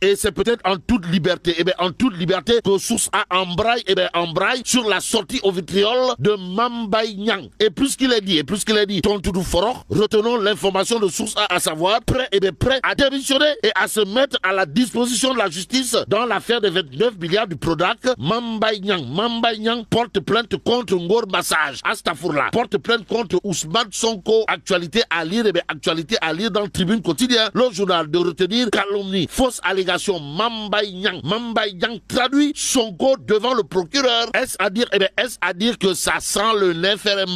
Et c'est peut-être en toute liberté, et eh bien en toute liberté que Source A embraille, et eh bien embraille sur la sortie au vitriol de Mambay Nyang. Et plus qu'il est dit, et plus qu'il est dit, toutou retenons l'information de Source A, à savoir prêt, et eh bien prêt à démissionner et à se mettre à la disposition de la justice dans l'affaire des 29 milliards du Prodac. Mambay Nyang, porte plainte contre Ngor Massage, Astafourla, porte plainte contre Ousmane Sonko. Actualité à lire, et bien actualité à lire dans le Tribune quotidien, le journal de retenir calomnie, fausse allégation Mambay Nyang. Nyang traduit son code devant le procureur. Est-ce à dire, eh est-ce à dire que ça sent le nez faire des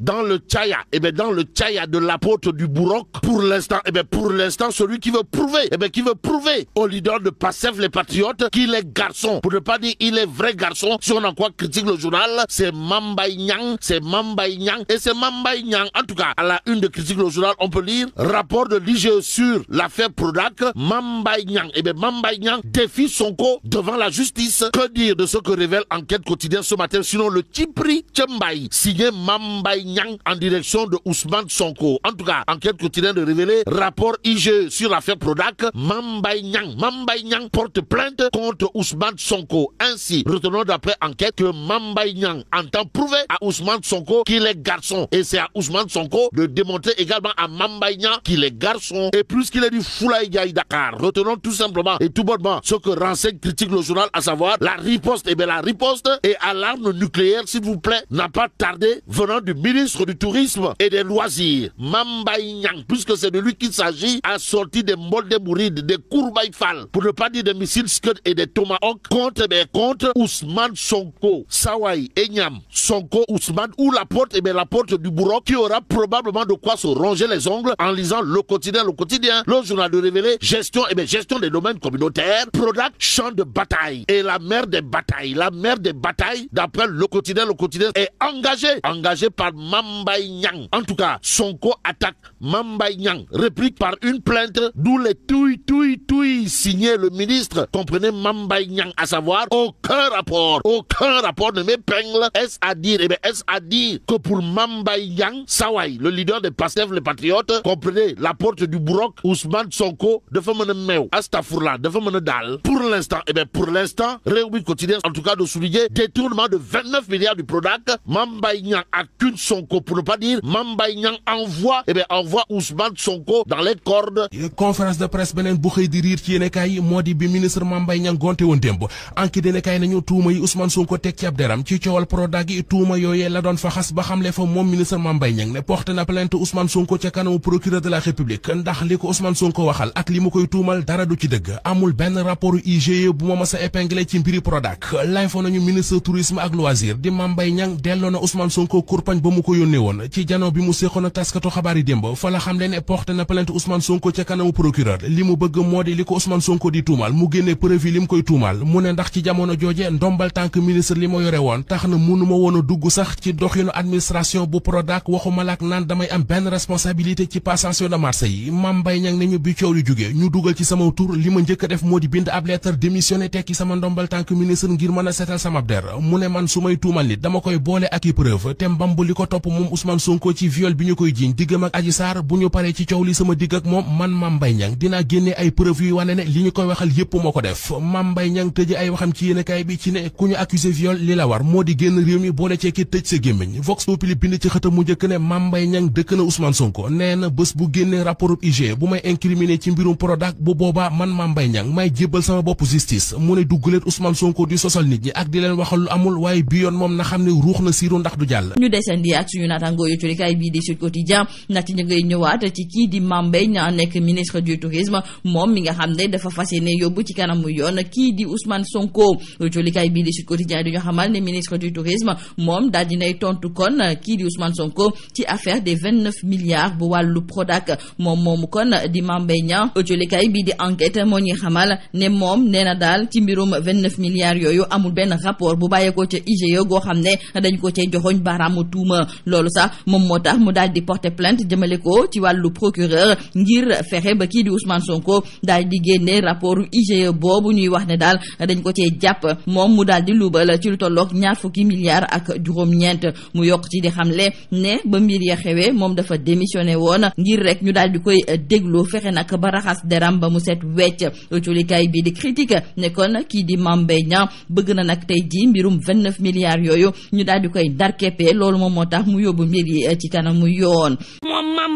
dans le Tchaya, Et eh bien, dans le Tchaya de l'apôtre du Bourroc, pour l'instant, Et eh bien, pour l'instant, celui qui veut prouver, Et eh bien, qui veut prouver au leader de Passef les Patriotes qu'il est garçon. Pour ne pas dire il est vrai garçon, si on en croit critique le journal, c'est Mambay Nyang, c'est Mambay Nyang, et c'est Mambay Nyang. En tout cas, à la une de critique le journal, on peut lire rapport de l'IGE sur l'affaire Prodac, Mambay Nyang. Eh bien, Mambay Nyang défie Sonko devant la justice. Que dire de ce que révèle Enquête quotidienne ce matin, sinon le Tipri Chembay, signé Mambay Nyang en direction de Ousmane Sonko. En tout cas, Enquête quotidienne de révéler rapport IG sur l'affaire Prodac. Mambay Nyang, Mambay Nyang porte plainte contre Ousmane Sonko. Ainsi, retenons d'après enquête que Mambay Nyang entend prouver à Ousmane Sonko qu'il est garçon. Et c'est à Ousmane Sonko de démontrer également à Mambay Nyang qu'il est garçon. Et plus qu'il est du Foulaï Gaïda car Retenons tout simplement et tout bonnement ce que renseigne critique le journal, à savoir la riposte. Et eh bien la riposte et à nucléaire, s'il vous plaît, n'a pas tardé venant du ministre du Tourisme et des Loisirs, Nyang, puisque c'est de lui qu'il s'agit, a sorti des Molde des fall pour ne pas dire des missiles Scud et des Tomahawk contre, eh bien, contre Ousmane Sonko, Sawai, Enyam, Sonko, Ousmane, ou la porte, et eh bien la porte du bourreau qui aura probablement de quoi se ronger les ongles en lisant le quotidien, le quotidien, le journal de Révéler Gestion, eh gestion des domaines communautaires, product champ de bataille. Et la mère des batailles, la mère des batailles, d'après le quotidien, le quotidien est engagé, engagé par Mambay Nyang. En tout cas, Sonko attaque Mambay Nyang, réplique par une plainte, d'où les tui tui tui signé le ministre, comprenez Mambay Nyang, à savoir, aucun rapport, aucun rapport ne m'épingle. Est-ce à dire, eh bien, est à dire que pour Mambay Nyang, Sawai, le leader des pasteurs, les patriotes, comprenez, la porte du Broc, Ousmane Sonko, de dafa mën a meew dafa mën a pour l'instant et eh bien pour l'instant réew quotidien en tout cas de souligner détournement de 29 milliards de Prodac Mame a Niang accuse Sonko pour ne pas dire Mambay Niang envoie et eh bien envoie Ousmane Sonko dans les cordes conférence de presse benen bu xëy di ci yéenekaay yi bi ministre Mame gonté Niang gonte woon démb enquête kay nañu touma yi Ousmane Sonko tek ci abderam deram ci coowal Prodac yi touma yoyé la don fa xas ba fonds fa mom ministre Mambay Niang ne porte na plainte Ousmane Sonko ci kanamu procureur de la République ndax liko Ousmane Sonko waxal ak li koy tuumal dara du ci dëgg amul benn rapport IGE bu ma mësa épinglé ci mbiri Prodac l'info nañu ministre tourisme ak loisir di Mame Mbaye delloo na Ousmane Sonko kurpañ ba mu ko yónnee woon ci jano bi mu séqoon ak taskatu xabaar yi démb fa la xam leen ne na plainte Ousmane Sonko ca kanamu procureur li mu bëgg moo di li ko Ousmane Sonko di tuumal mu génnee preuve li mu koy tuumal mu ne ndax ci jamono jooje ndombal tànk ministre li ma yore woon tax na mënuma a dugg sax damay am benn responsabilité ci passation de marché yi ñu dugal ci a def a man su dinaa génne ay preuve yuy wane ne li koy waxal yépp moo ko def Mame tëje ay waxam ci yéenekaay bi ci ne ku ñu accusé viol li la war moo di génn réew mi boole ceeki tëj sa gémmiñ produk bu boba man ma mbay ñang may jébbal sama bop justice mu ne duggaleen Ousmane Sonko di sosal nit ñi ak di leen waxal lu amul waye bi yon mom na xamne ne ruux na siru ndax du jall ñu desandi ak suñu natango yu kay bi di Sud Quotidien na ci ngay ñëwaat ci ki di Mame Mbaye nek ministre du tourisme mom mi nga xamne ne dafa fasiyene yéene ci kanam kanamu yon ki di Ousmane Sonko kay bi di Sud Quotidien di ñu xamal ne ministre du tourisme moom daal dinay tontu kon ki di Ousmane Sonko ci affaire des 29 milliards bu walu produk mom mom kon di Mame Mbaye yëglekaay bii di enquête moo ñuy xamal ne moom nee na daal ci mbirum 29 milliards yooyu amul benn rapport bu bàyyeekoo ca IGE goo xam ne dañ ko cee joxoñ baaraamu tuuma loolu sax moom moo tax mu daal di porter plainte jëmale ko ci wàllu procureur ngir fexe ba kii di Ousmane Sonko daal di génne rapport IGE boobu ñuy wax ne daal dañ ko cee jàpp moom mu daal di luubal ci lu tolloog ñaar fukki milliards ak juróom-ñeent mu yokk ci di xam xamle ne ba mbir ya moom dafa démissionné woon ngir deram ba mu set wecc culikaay bi di critique ne kon kii di Mame Mbaye Niang bëgg na nag tey jii mbirum 29 milliards yooyu ñu daal di koy darkeppee loolu moom moo tax mu yóbbu mbir yi eh, ci mu yoon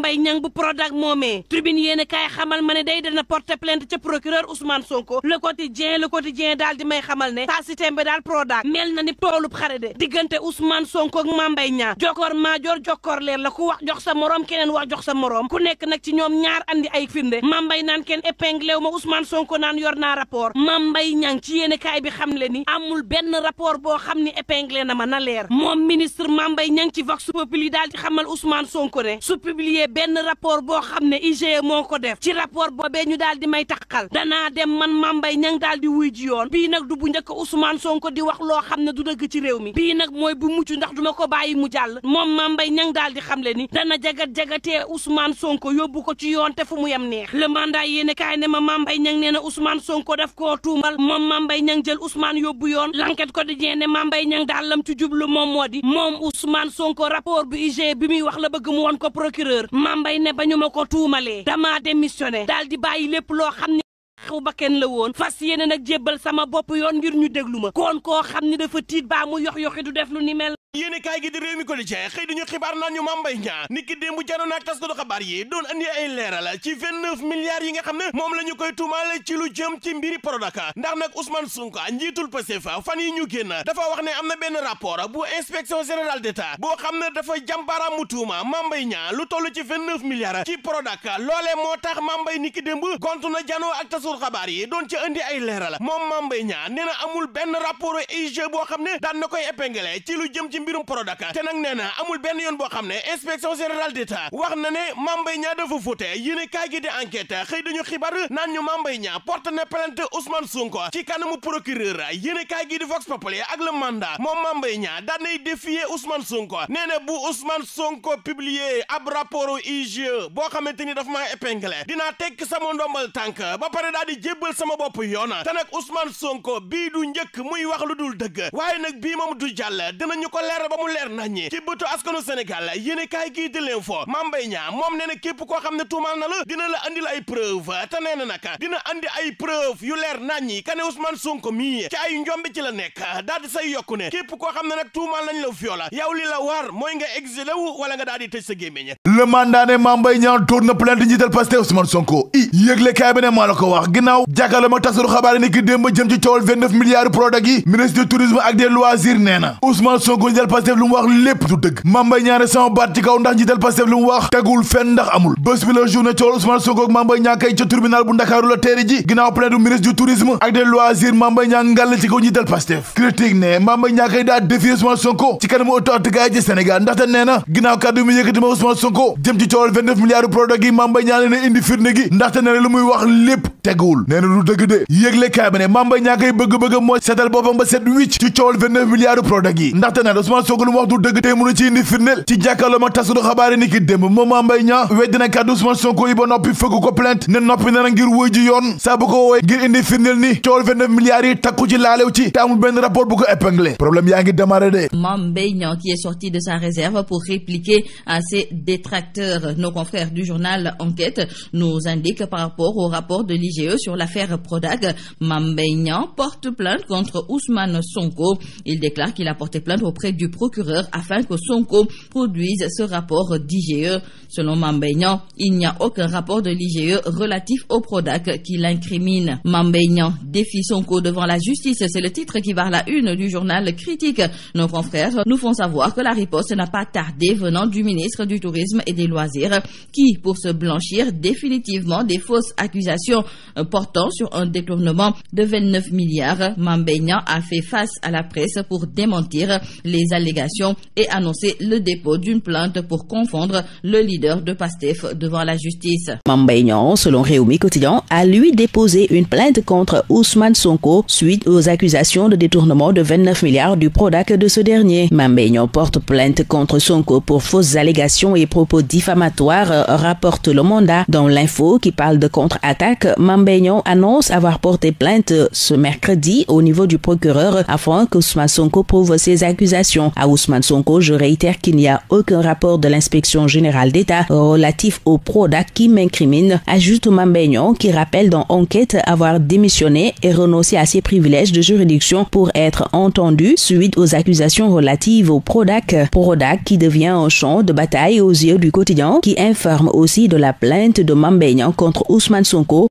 Mbaye Niang bu Prodac moomee tribune yéen kaay xamal ma ne day dana porter plainte ca procureur Ousmane Sonko le quotidien le quotidien daal di may xamal ne saa si tembe daal Prodac mel na ni toolub xare de diggante Ousmane Sonko ak Mame Mbaye Niang jokkoor maajoor leer la ku wax jox sa moroom keneen wax jox sa moroom ku nekk nag ci ñoom ñaar andi ay firnde Mame Mbaye naan kenn épinglé wu ma Ousmane Sonko naan yor naa rapport Mame Mbaye Niang ci yéen kaay bi xam le ni amul benn rapport boo xam ni épinglé na ma na leer moom ministre Mame Mbaye Niang ci Vox Populi daal di xamal Ousmane Sonko ne su publié benn rapport boo xam ne IGE moo ko def ci rapport boobee ñu daal di may taxal danaa dem man mambay ñang daal di wuy ji yoon bii nag du bu njëkk Ousmane Sonko di wax loo xam ne du dëgg ci réew mi bii nag mooy bu mucc ndax duma ko bàyyi mu jàll moom mambay ñang daal xam xamle ni dana jagat-jagatee Ousmane Sonko yóbbu ko ci yoon te fu mu yem neex le mandat yéene kaay ne ma mambay ñang nee na Ousmane Sonko def koo tuumal moom mambay ñang jël Ousmane yóbbu yoon l'enquête ko di jeene mambay ñang daal lam ci jublu moom moo di moom Ousmane Sonko rapport bu IGE bi muy wax la bëgg mu won ko procureur mambay ne ba ñu ma ko tuumalee damaa démissionné daal di bàyyi lépp loo xam ne xaw ba kenn la woon fas yéene nag jébbal sama bopp yoon ngir ñu déglu ma kon koo xam ni dafa tiit baa mu yox yoxi du def lu ni mel yéene kaay gi di réew mi ko di cee xëy duñu xibaar naan ñu Mame Mbaye Niang ni ki démb janoon ak taskatu xabaar yi doon andi ay leeral ci 29 yi nga xam ne moom la ñu koy tuumaale ci lu jëm ci mbiri Prodac ndax nag Ousmane Sonko njiitul Pastef fan yi ñu génn dafa wax ne am na benn rapport bu inspection générale d'État boo xam ne dafa jàmbaaraam mu tuuma Mame Mbaye Niang lu toll ci 29 milliards ci Prodac loolee moo tax Mame ni ki démb gont na janoo ak taskatu xabaar yi doon ci andi ay moom Mame Mbaye Niang nee na amul benn rapport boo xam ne daan na koy épinglé ci lu jëm ci ci mbirum Prodac te nag nee na amul benn yoon boo xam ne inspection générale d'État wax na ne Mame Mbaye Niang dafa fute yéen kaay gi di enquête xëy dañu xibaar naan ñu Mame Mbaye Niang porte na plainte Ousmane Sonko ci kanamu procureur yéen kaay gi di Vox Populi ak le mandat moom Mame Mbaye Niang daan nay défier Ousmane Sonko nee na bu Ousmane Sonko publier ab rapport IGE boo xamante ni dafa maa épinglé dinaa tekk sama ndombal tànk ba pare daal di jébbal sama bopp yoon te nag Ousmane Sonko bii du njëkk muy wax lu dul dëgg waaye nag leer ba mu leer naññi ci bëtu askanu Sénégal yéen kaay gii di leen fo Mame Mbaye Niang moom nee na képp koo xam ne tuumaal na la dina la andil ay preuve te nee na nag dina andi ay preuve yu leer naññi kane Ousmane Sonko mii ci ay njombi ci la nekk daal di say yokku ne képp koo xam ne nag tuumaal nañ la viola yow li la war mooy nga exilé wu wala nga daal di tëj sa gémmiñ le mandat ne Mame Mbaye Niang tourne plainte njiital Pastef Ousmane Sonko yëgle kaay bi ne maa la ko wax ginnaaw jàkkaarloo ma tasaru xabaar yi ni démb jëm ci coowal 29 milliards Prodac ministre du tourisme ak des loisirs nee na Sonko njiital Pastef lu mu wax lépp du dëgg sama baat ci kaw ndax njiital Pastef lu mu wax tegul fenn ndax amul bés bi la coowal Ousmane Sonko ak mambay kay ca tribunal bu Ndakaaru la ji ginnaaw plainte ministre du tourisme ak des loisirs mambay ñaa ngàll ci kaw ne mambay ñaa jëm ci coowal 29 xamante lu muy wax lepp teguwul nee na du dëgg de yëglekaay bi ne Mame Mbaye kay bëgg-bëgg mooy sétal bopam ba sét wicc ci coowal 29 milliards Prodac yi ndaxte nag Ousmane Sonko lu wax du dëgg te mënu ci indi firnel ci jàkkaarloo ma tasadu xabaar yi ni ki démb moom Mame Mbaye Niang na kàddu Ousmane Sonko yi bo nopi feug ko plainte ne nopi na na ngir wuy ji yoon saa bu ko wooye ngir indi firnel ni coowal 29 milliards yi takku ci lalew ci tamul ben rapport bu ko épinglé problème yaa ngi démarré de Mame Mbaye ki est sorti de sa réserve pour répliquer à ses détracteurs nos confrères du journal Enquête nous indiquent par rapport au rapport de l'IGE sur l'affaire Prodac. Mambeignan porte plainte contre Ousmane Sonko. Il déclare qu'il a porté plainte auprès du procureur afin que Sonko produise ce rapport d'IGE. Selon Mambeignan, il n'y a aucun rapport de l'IGE relatif au Prodac qui l'incrimine. Mambeignan défie Sonko devant la justice. C'est le titre qui barre la une du journal critique. Nos confrères nous font savoir que la riposte n'a pas tardé venant du ministre du Tourisme et des Loisirs qui, pour se blanchir définitivement des fausses accusations euh, portant sur un détournement de 29 milliards, Mambeignan a fait face à la presse pour démentir les allégations et annoncer le dépôt d'une plainte pour confondre le leader de PASTEF devant la justice. Mambeignan, selon Réumi Quotidien, a lui déposé une plainte contre Ousmane Sonko suite aux accusations de détournement de 29 milliards du PRODAC de ce dernier. Mambeignan porte plainte contre Sonko pour fausses allégations et propos diffamatoires, rapporte le mandat dans l'info qui parle de contre-attaque, Mambéignon annonce avoir porté plainte ce mercredi au niveau du procureur afin que Ousmane Sonko prouve ses accusations. À Ousmane Sonko, je réitère qu'il n'y a aucun rapport de l'inspection générale d'État relatif au PRODAC qui m'incrimine, ajoute Mambéignon qui rappelle dans enquête avoir démissionné et renoncé à ses privilèges de juridiction pour être entendu suite aux accusations relatives au PRODAC. PRODAC qui devient un champ de bataille aux yeux du quotidien qui informe aussi de la plainte de Mambégnon contre contre Ousmane Sonko